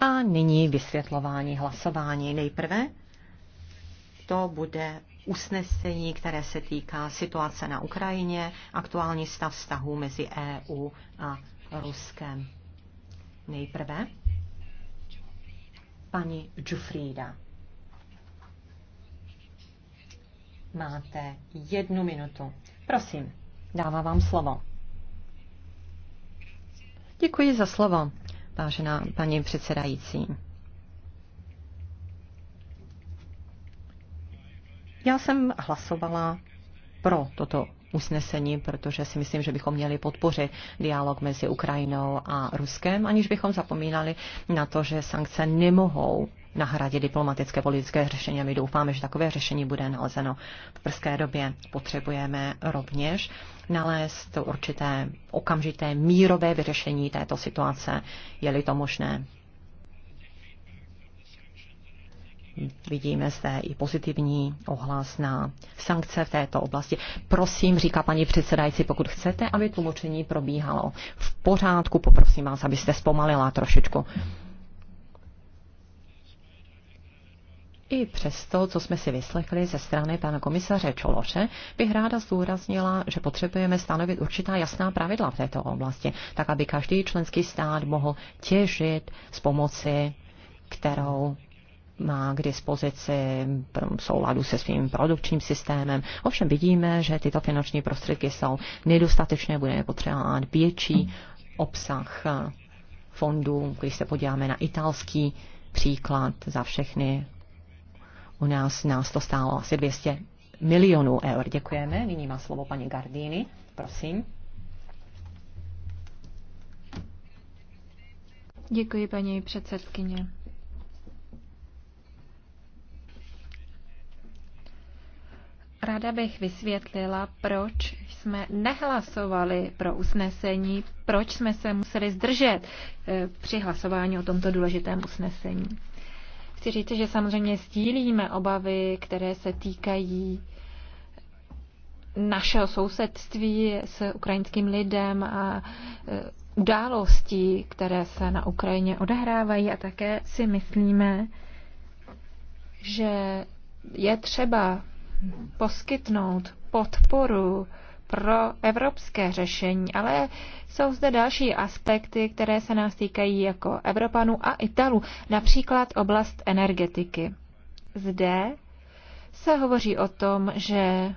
A nyní vysvětlování hlasování. Nejprve to bude usnesení, které se týká situace na Ukrajině, aktuální stav vztahů mezi EU a Ruskem. Nejprve paní Džufrída. Máte jednu minutu. Prosím, dávám vám slovo. Děkuji za slovo vážená paní předsedající. Já jsem hlasovala pro toto usnesení, protože si myslím, že bychom měli podpořit dialog mezi Ukrajinou a Ruskem, aniž bychom zapomínali na to, že sankce nemohou hradě diplomatické politické řešení a my doufáme, že takové řešení bude nalezeno v brzké době. Potřebujeme rovněž nalézt určité okamžité mírové vyřešení této situace, je-li to možné. vidíme zde i pozitivní ohlas na sankce v této oblasti. Prosím, říká paní předsedající, pokud chcete, aby tlumočení probíhalo v pořádku, poprosím vás, abyste zpomalila trošičku. I přes to, co jsme si vyslechli ze strany pana komisaře Čološe, bych ráda zdůraznila, že potřebujeme stanovit určitá jasná pravidla v této oblasti, tak aby každý členský stát mohl těžit z pomoci, kterou má k dispozici v souladu se svým produkčním systémem. Ovšem vidíme, že tyto finanční prostředky jsou nedostatečné, budeme potřebovat větší obsah eh, fondů. Když se podíváme na italský příklad za všechny u nás nás to stálo asi 200 milionů eur. Děkujeme. Nyní má slovo paní Gardini. Prosím. Děkuji, paní předsedkyně. Ráda bych vysvětlila, proč jsme nehlasovali pro usnesení, proč jsme se museli zdržet eh, při hlasování o tomto důležitém usnesení. Chci říct, že samozřejmě sdílíme obavy, které se týkají našeho sousedství s ukrajinským lidem a e, událostí, které se na Ukrajině odehrávají a také si myslíme, že je třeba poskytnout podporu pro evropské řešení, ale jsou zde další aspekty, které se nás týkají jako Evropanů a Italů, například oblast energetiky. Zde se hovoří o tom, že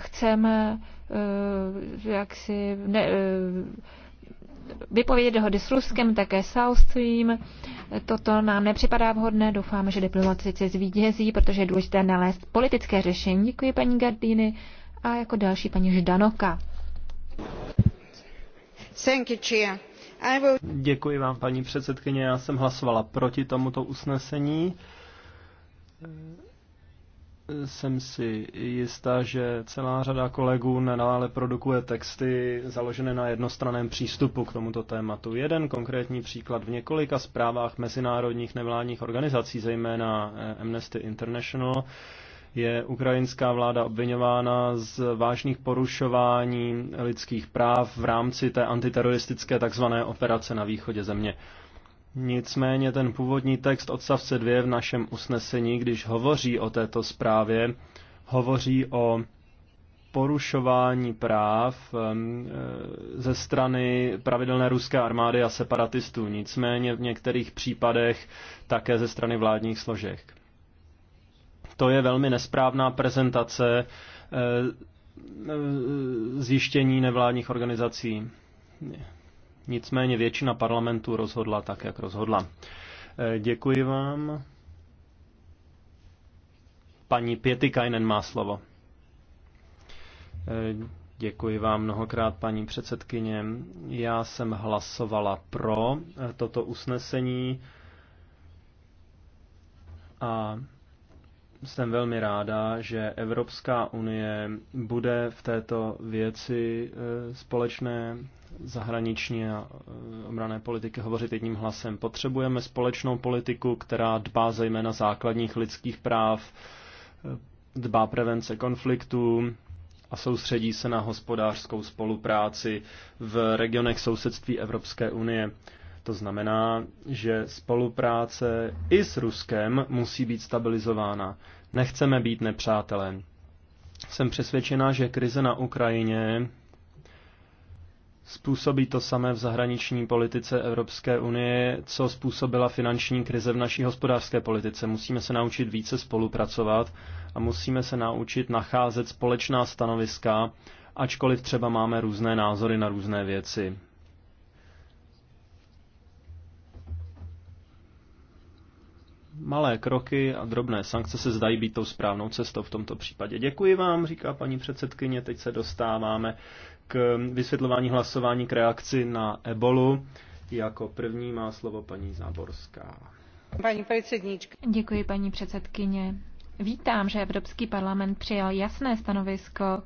chceme eh, jak si ne, eh, vypovědět dohody s Ruskem, také South Stream. Toto nám nepřipadá vhodné. Doufáme, že diplomatici zvítězí, protože je důležité nalézt politické řešení. Děkuji paní Gardíny a jako další paní Ždanoka. Děkuji vám, paní předsedkyně. Já jsem hlasovala proti tomuto usnesení jsem si jistá, že celá řada kolegů nadále produkuje texty založené na jednostraném přístupu k tomuto tématu. Jeden konkrétní příklad v několika zprávách mezinárodních nevládních organizací, zejména eh, Amnesty International, je ukrajinská vláda obvinována z vážných porušování lidských práv v rámci té antiteroristické takzvané operace na východě země. Nicméně ten původní text odstavce 2 v našem usnesení, když hovoří o této zprávě, hovoří o porušování práv eh, ze strany pravidelné ruské armády a separatistů, nicméně v některých případech také ze strany vládních složek. To je velmi nesprávná prezentace eh, eh, zjištění nevládních organizací. Nicméně většina parlamentu rozhodla tak, jak rozhodla. Eh, děkuji vám. Paní Pětikajnen má slovo. Eh, děkuji vám mnohokrát, paní předsedkyně. Já jsem hlasovala pro eh, toto usnesení a jsem velmi ráda, že Evropská unie bude v této věci společné zahraniční a eh, obrané politiky hovořit jedním hlasem. Potřebujeme společnou politiku, která dbá zejména základních lidských práv, eh, dbá prevence konfliktů a soustředí se na hospodářskou spolupráci v regionech sousedství Evropské unie. To znamená, že spolupráce i s Ruskem musí být stabilizována. Nechceme být nepřátelé. Jsem přesvědčená, že krize na Ukrajině Způsobí to samé v zahraniční politice Evropské unie, co způsobila finanční krize v naší hospodářské politice. Musíme se naučit více spolupracovat a musíme se naučit nacházet společná stanoviska, ačkoliv třeba máme různé názory na různé věci. Malé kroky a drobné sankce se zdají být tou správnou cestou v tomto případě. Děkuji vám, říká paní předsedkyně. Teď se dostáváme k vysvětlování hlasování k reakci na ebolu. Jako první má slovo paní Záborská. Paní předsedníčka. Děkuji, paní předsedkyně. Vítám, že Evropský parlament přijal jasné stanovisko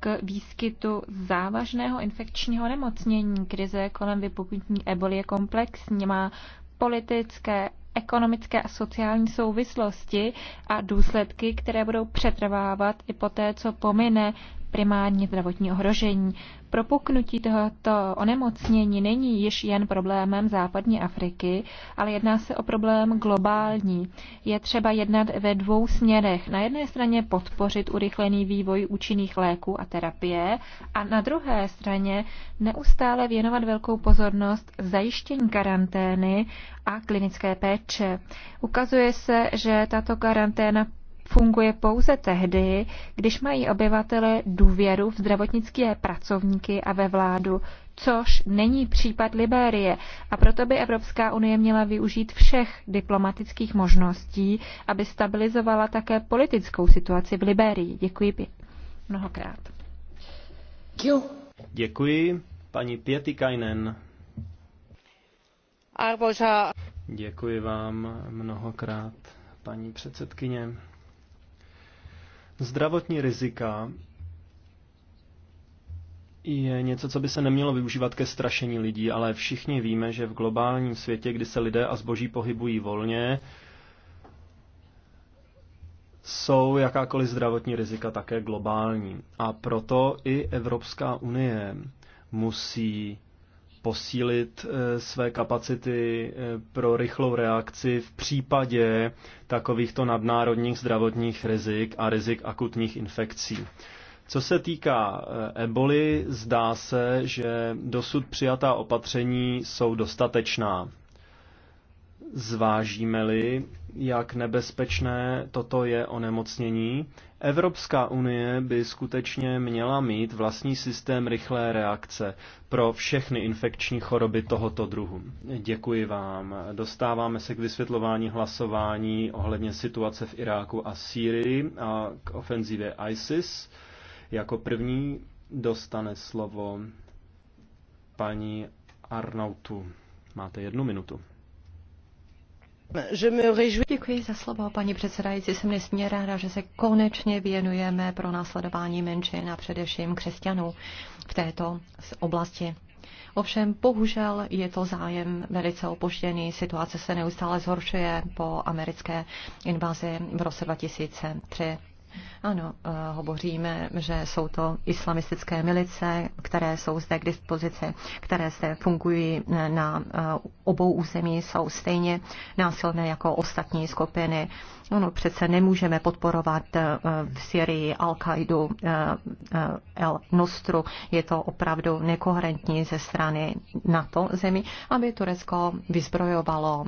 k výskytu závažného infekčního nemocnění. Krize kolem vypuknutí eboli je komplexní, má politické, ekonomické a sociální souvislosti a důsledky, které budou přetrvávat i poté, co pomine primárně zdravotní ohrožení. Propuknutí tohoto onemocnění není již jen problémem západní Afriky, ale jedná se o problém globální. Je třeba jednat ve dvou směrech. Na jedné straně podpořit urychlený vývoj účinných léků a terapie a na druhé straně neustále věnovat velkou pozornost zajištění karantény a klinické péče. Ukazuje se, že tato karanténa funguje pouze tehdy, když mají obyvatele důvěru v zdravotnické pracovníky a ve vládu, což není případ Libérie. A proto by Evropská unie měla využít všech diplomatických možností, aby stabilizovala také politickou situaci v Libérii. Děkuji mnohokrát. Děkuji, paní Pietikainen. Arvoisa. Děkuji vám mnohokrát, paní předsedkyně. Zdravotní rizika je něco, co by se nemělo využívat ke strašení lidí, ale všichni víme, že v globálním světě, kdy se lidé a zboží pohybují volně, jsou jakákoliv zdravotní rizika také globální. A proto i Evropská unie musí posílit eh, své kapacity eh, pro rychlou reakci v případě takovýchto nadnárodních zdravotních rizik a rizik akutních infekcí. Co se týká eh, eboli, zdá se, že dosud přijatá opatření jsou dostatečná. Zvážíme-li, jak nebezpečné toto je onemocnění, Evropská unie by skutečně měla mít vlastní systém rychlé reakce pro všechny infekční choroby tohoto druhu. Děkuji vám. Dostáváme se k vysvětlování hlasování ohledně situace v Iráku a Sýrii a k ofenzivě ISIS. Jako první dostane slovo paní Arnautu. Máte jednu minutu. Děkuji za slovo, paní předsedající. Jsem nesmírně ráda, že se konečně věnujeme pro následování menšin a především křesťanů v této oblasti. Ovšem, bohužel je to zájem velice opoštěný. Situace se neustále zhoršuje po americké invazi v roce 2003. Ano, eh, hovoříme, že jsou to islamistické milice, které jsou zde k dispozici, které zde fungují eh, na eh, obou území, jsou stejně násilné jako ostatní skupiny Ono no, přece nemůžeme podporovat eh, v Syrii Al-Qaidu, eh, eh, El Nostru. Je to opravdu nekoherentní ze strany NATO zemi, aby Turecko vyzbrojovalo,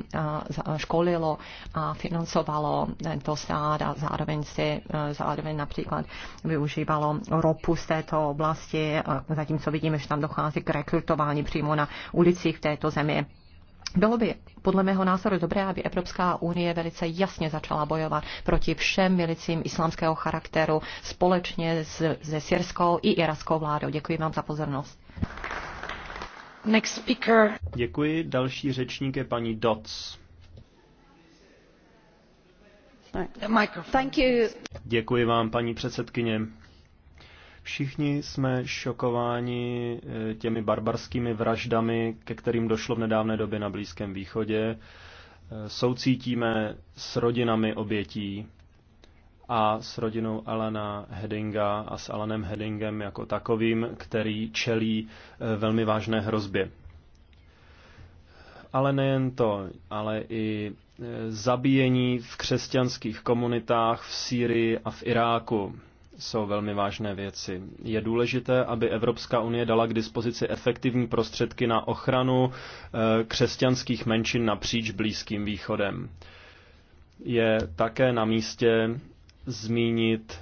školilo a financovalo tento stát a zároveň, si, zároveň například využívalo ropu z této oblasti, zatímco vidíme, že tam dochází k rekrutování přímo na ulicích v této zemi. Bylo by podle mého názoru dobré, aby Evropská unie velice jasně začala bojovat proti všem milicím islámského charakteru společně s, se syrskou i iráckou vládou. Děkuji vám za pozornost. Next speaker. Děkuji. Další řečník je paní Dots. Thank you. Děkuji vám, paní předsedkyně. Všichni jsme šokováni eh, těmi barbarskými vraždami, ke kterým došlo v nedávné době na Blízkém východě. Eh, soucítíme s rodinami obětí a s rodinou Alana Hedinga a s Alanem Hedingem jako takovým, který čelí eh, velmi vážné hrozbě. Ale nejen to, ale i zabíjení v křesťanských komunitách v Sýrii a v Iráku jsou velmi vážné věci. Je důležité, aby Evropská unie dala k dispozici efektivní prostředky na ochranu eh, křesťanských menšin napříč Blízkým východem. Je také na místě zmínit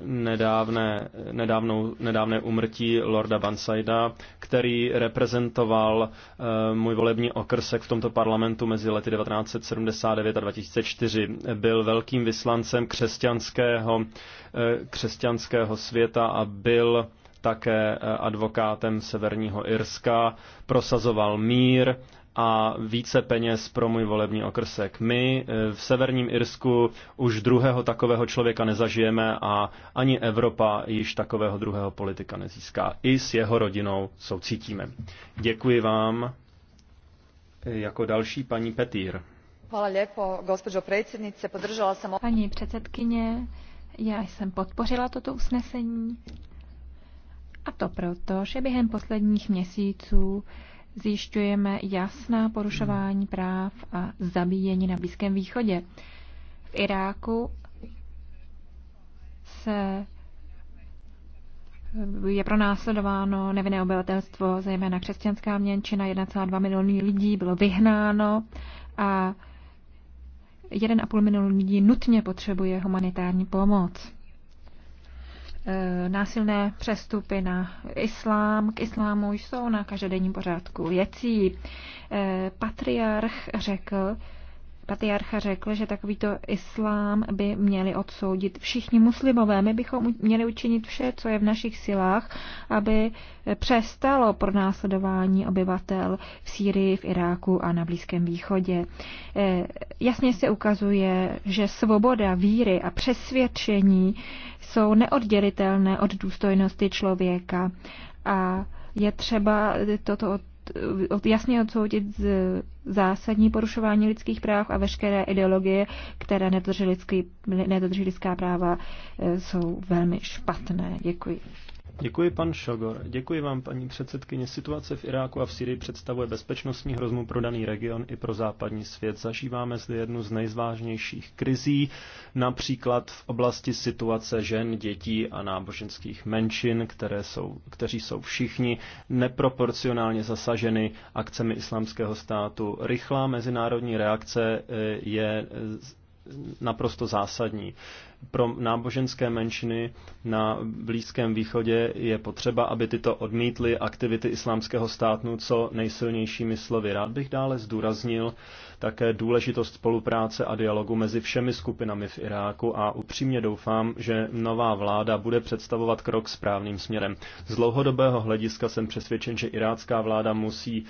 nedávné, nedávnou, nedávné umrtí Lorda Bansaida, který reprezentoval uh, můj volební okrsek v tomto parlamentu mezi lety 1979 a 2004. Byl velkým vyslancem křesťanského, uh, křesťanského světa a byl také eh, advokátem Severního Irska, prosazoval mír, a více peněz pro můj volební okrsek. My eh, v severním Irsku už druhého takového člověka nezažijeme a ani Evropa již takového druhého politika nezíská. I s jeho rodinou soucítíme. Děkuji vám. Eh, jako další paní Petýr. Hvala lepo, gospođo predsjednice. Podržala jsem... Paní předsedkyně, já jsem podpořila toto usnesení. A to proto, že během posledních měsíců zjišťujeme jasná porušování práv a zabíjení na Blízkém východě. V Iráku se je pronásledováno nevinné obyvatelstvo, zejména křesťanská měnčina, 1,2 milionů lidí bylo vyhnáno a 1,5 milionu lidí nutně potřebuje humanitární pomoc. Eh, násilné přestupy na islám, k islámu jsou na každodenním pořádku věcí. Eh, patriarch řekl, patriarcha řekl, že takovýto islám by měli odsoudit všichni muslimové. My bychom měli učinit vše, co je v našich silách, aby přestalo pronásledování obyvatel v Sýrii, v Iráku a na Blízkém východě. E, jasně se ukazuje, že svoboda víry a přesvědčení jsou neoddělitelné od důstojnosti člověka a je třeba toto od, jasně odsoudit z, zásadní porušování lidských práv a veškeré ideologie, které nedodrží, lidský, nedodrží lidská práva, e, jsou velmi špatné. Děkuji. Děkuji, pan Šogor. Děkuji vám, paní předsedkyně. Situace v Iráku a v Syrii představuje bezpečnostní hrozbu pro daný region i pro západní svět. Zažíváme zde jednu z nejzvážnějších krizí, například v oblasti situace žen, dětí a náboženských menšin, které jsou, kteří jsou všichni neproporcionálně zasaženy akcemi islámského státu. Rychlá mezinárodní reakce eh, je naprosto zásadní. Pro náboženské menšiny na Blízkém východě je potřeba, aby tyto odmítly aktivity islámského státu co nejsilnějšími slovy. Rád bych dále zdůraznil také důležitost spolupráce a dialogu mezi všemi skupinami v Iráku a upřímně doufám, že nová vláda bude představovat krok správným směrem. Z dlouhodobého hlediska jsem přesvědčen, že irácká vláda musí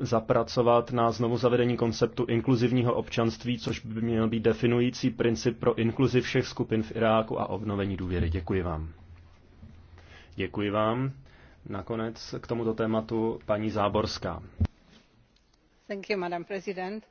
zapracovat na znovu zavedení konceptu inkluzivního občanství, což by měl být definující princip pro inkluzi všech skupin v Iráku a obnovení důvěry. Děkuji vám. Děkuji vám. Nakonec k tomuto tématu paní Záborská. Thank you, Madam President.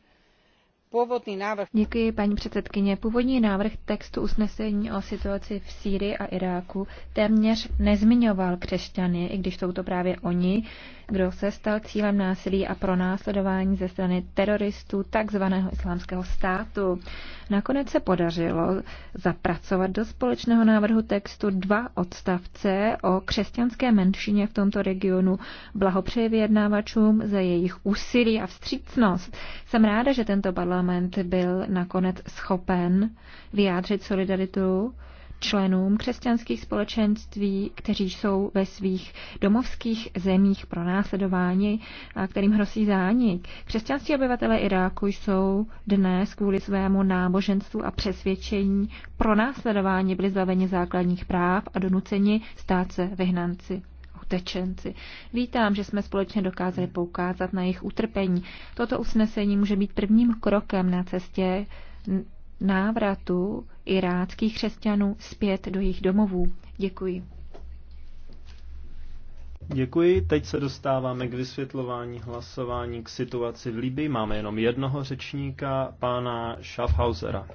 Původní návrh... Děkuji, paní předsedkyně. Původní návrh textu usnesení o situaci v Sýrii a Iráku téměř nezmiňoval křesťany, i když jsou to právě oni, kdo se stal cílem násilí a pronásledování ze strany teroristů takzvaného islámského státu. Nakonec se podařilo zapracovat do společného návrhu textu dva odstavce o křesťanské menšině v tomto regionu. Blahopřeji vyjednávačům za jejich úsilí a vstřícnost. Jsem ráda, že tento parlament byl nakonec schopen vyjádřit solidaritu členům křesťanských společenství, kteří jsou ve svých domovských zemích pronásledováni a kterým hrozí zánik. Křesťanskí obyvatelé Iráku jsou dnes kvůli svému náboženstvu a přesvědčení pronásledováni, byli zbaveni základních práv a donuceni stát se vyhnanci Tečenci. Vítám, že jsme společně dokázali poukázat na jejich utrpení. Toto usnesení může být prvním krokem na cestě návratu iráckých křesťanů zpět do jejich domovů. Děkuji. Děkuji. Teď se dostáváme k vysvětlování hlasování k situaci v Libii. Máme jenom jednoho řečníka, pana Schaffhausera.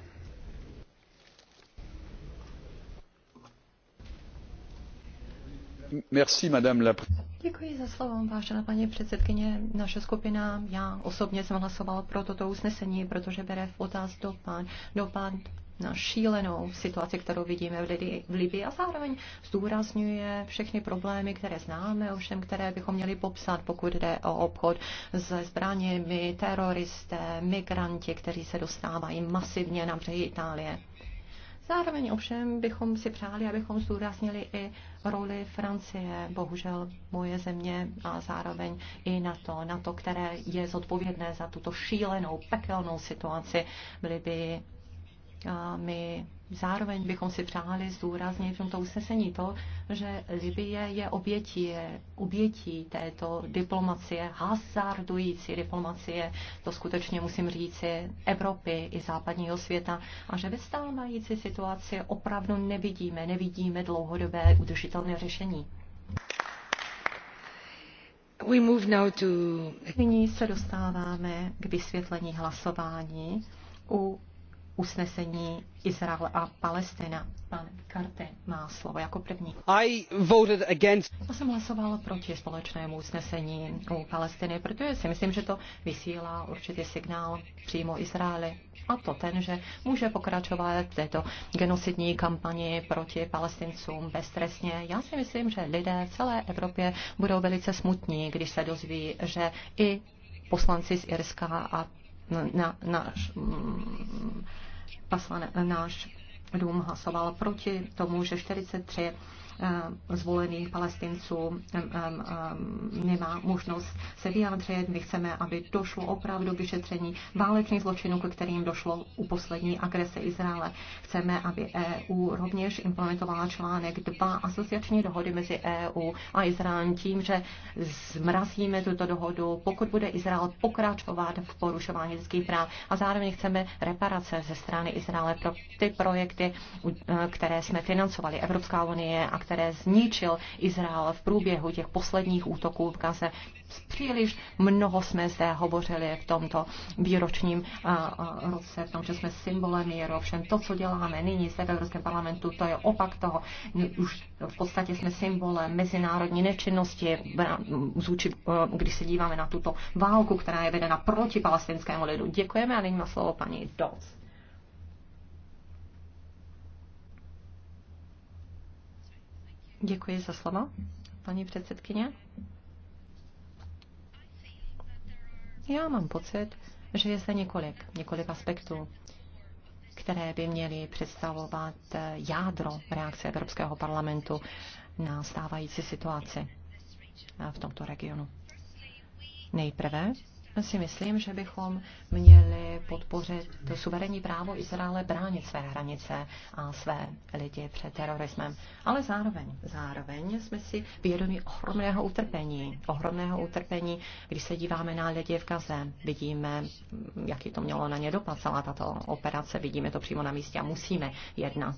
madame la... Děkuji za slovo, vážená paní předsedkyně. Naše skupina, já osobně jsem hlasovala pro toto usnesení, protože bere v potaz dopad, dopad na šílenou situaci, kterou vidíme v, Libyi v Libii a zároveň zdůrazňuje všechny problémy, které známe, ovšem které bychom měli popsat, pokud jde o obchod se zbraněmi, teroristé, migranti, kteří se dostávají masivně na břehy Itálie. Zároveň ovšem bychom si přáli, abychom zdůraznili i roli Francie, bohužel moje země a zároveň i na to, na to, které je zodpovědné za tuto šílenou, pekelnou situaci. Byli by my zároveň bychom si přáli zdůraznit v tomto usnesení to, že Libie je obětí, je obětí této diplomacie, hazardující diplomacie, to skutečně musím říci, Evropy i západního světa, a že ve stávající situaci opravdu nevidíme, nevidíme dlouhodobé udržitelné řešení. We move now to... Nyní se dostáváme k vysvětlení hlasování u usnesení Izrael a Palestina. Pan Karte má slovo jako první. I voted against... Já jsem hlasoval proti společnému usnesení u Palestiny, protože si myslím, že to vysílá určitý signál přímo Izraeli. A to ten, že může pokračovat v této genocidní kampani proti palestincům beztrestně. Já si myslím, že lidé v celé Evropě budou velice smutní, když se dozví, že i poslanci z Irska a na, náš, mm, poslane, náš dům hlasoval proti tomu, že 43 Eh, zvolených palestinců eh, eh, nemá možnost se vyjádřit. My chceme, aby došlo opravdu k vyšetření válečných zločinů, ke kterým došlo u poslední agrese Izraele. Chceme, aby EU rovněž implementovala článek 2 asociační dohody mezi EU a Izraelem tím, že zmrazíme tuto dohodu, pokud bude Izrael pokračovat v porušování lidských práv a zároveň chceme reparace ze strany Izraele pro ty projekty, které jsme financovali Evropská unie a které zničil Izrael v průběhu těch posledních útoků v Gaze. Příliš mnoho jsme zde hovořili v tomto výročním roce, v tom, že jsme symbolem míru. Ovšem to, co děláme nyní zde v Evropském parlamentu, to je opak toho. Už v podstatě jsme symbolem mezinárodní nečinnosti, e, když se díváme na tuto válku, která je vedena proti palestinskému lidu. Děkujeme a nyní má slovo paní Doc. Děkuji za slovo, paní předsedkyně. Já mám pocit, že je zde několik, několik aspektů, které by měly představovat jádro reakce Evropského parlamentu na stávající situaci v tomto regionu. Nejprve si myslím, že bychom měli podpořit to suverénní právo Izraele bránit své hranice a své lidi před terorismem. Ale zároveň, zároveň jsme si vědomi ohromného utrpení, ohromného utrpení, když se díváme na lidi v Gaze, vidíme, jaký to mělo na ně dopad, celá tato operace, vidíme to přímo na místě a musíme jednat.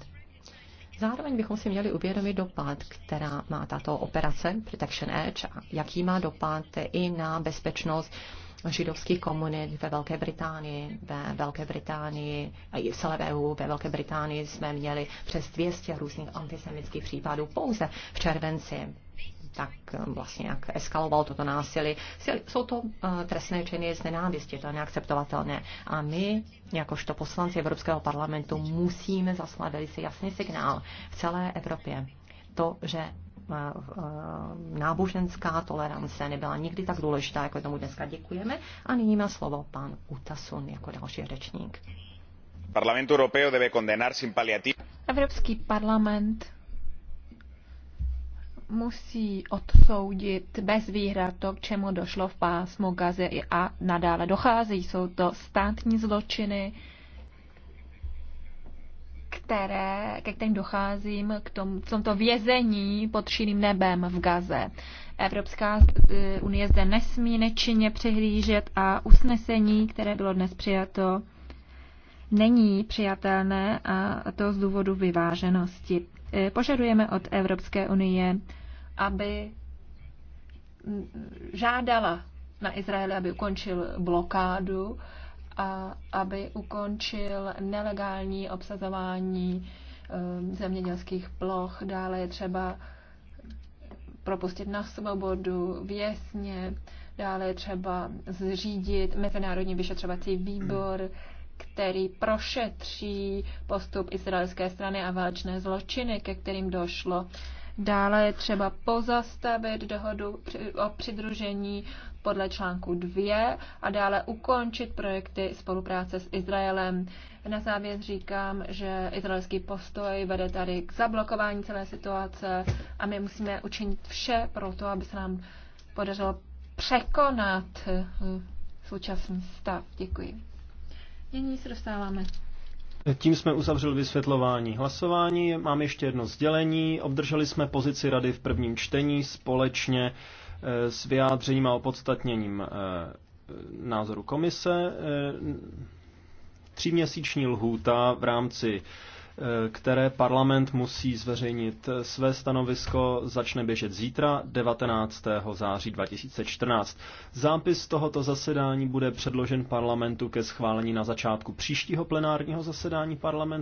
Zároveň bychom si měli uvědomit dopad, která má tato operace Protection Edge a jaký má dopad i na bezpečnost židovských komunit ve Velké Británii. Ve Velké Británii a i celé EU ve Velké Británii jsme měli přes 200 různých antisemitských případů pouze v červenci tak eh, vlastně jak eskaloval toto násilí. Jsou to eh, trestné činy z nenávisti, to je neakceptovatelné. A my, jakožto poslanci Evropského parlamentu, musíme zaslat velice jasný signál v celé Evropě. To, že Eh, eh, náboženská tolerance nebyla nikdy tak důležitá, jako tomu dneska děkujeme. A nyní má slovo pan Utasun jako další řečník. Parlament Europeo debe condenar sin Evropský parlament musí odsoudit bez výhrad to, k čemu došlo v pásmu Gazy a nadále dochází. Jsou to státní zločiny, které, ke kterým docházím k tom, v tomto vězení pod širým nebem v Gaze. Evropská eh, unie zde nesmí nečinně přihlížet a usnesení, které bylo dnes přijato, není přijatelné a to z důvodu vyváženosti. Eh, požadujeme od Evropské unie, aby mm, žádala na Izrael, aby ukončil blokádu a aby ukončil nelegální obsazování ehm, zemědělských ploch. Dále je třeba propustit na svobodu věsně, dále je třeba zřídit mezinárodní vyšetřovací výbor, který prošetří postup izraelské strany a válečné zločiny, ke kterým došlo. Dále je třeba pozastavit dohodu o přidružení podle článku 2 a dále ukončit projekty spolupráce s Izraelem. Na závěr říkám, že izraelský postoj vede tady k zablokování celé situace a my musíme učinit vše pro to, aby se nám podařilo překonat eh, současný stav. Děkuji. Nyní se dostáváme tím jsme uzavřeli vysvětlování hlasování. Mám ještě jedno sdělení. Obdrželi jsme pozici rady v prvním čtení společně Eh, s vyjádřením a opodstatněním eh, názoru komise. Eh, tříměsíční lhůta v rámci které parlament musí zveřejnit své stanovisko, začne běžet zítra 19. září 2014. Zápis tohoto zasedání bude předložen parlamentu ke schválení na začátku příštího plenárního zasedání parlamentu.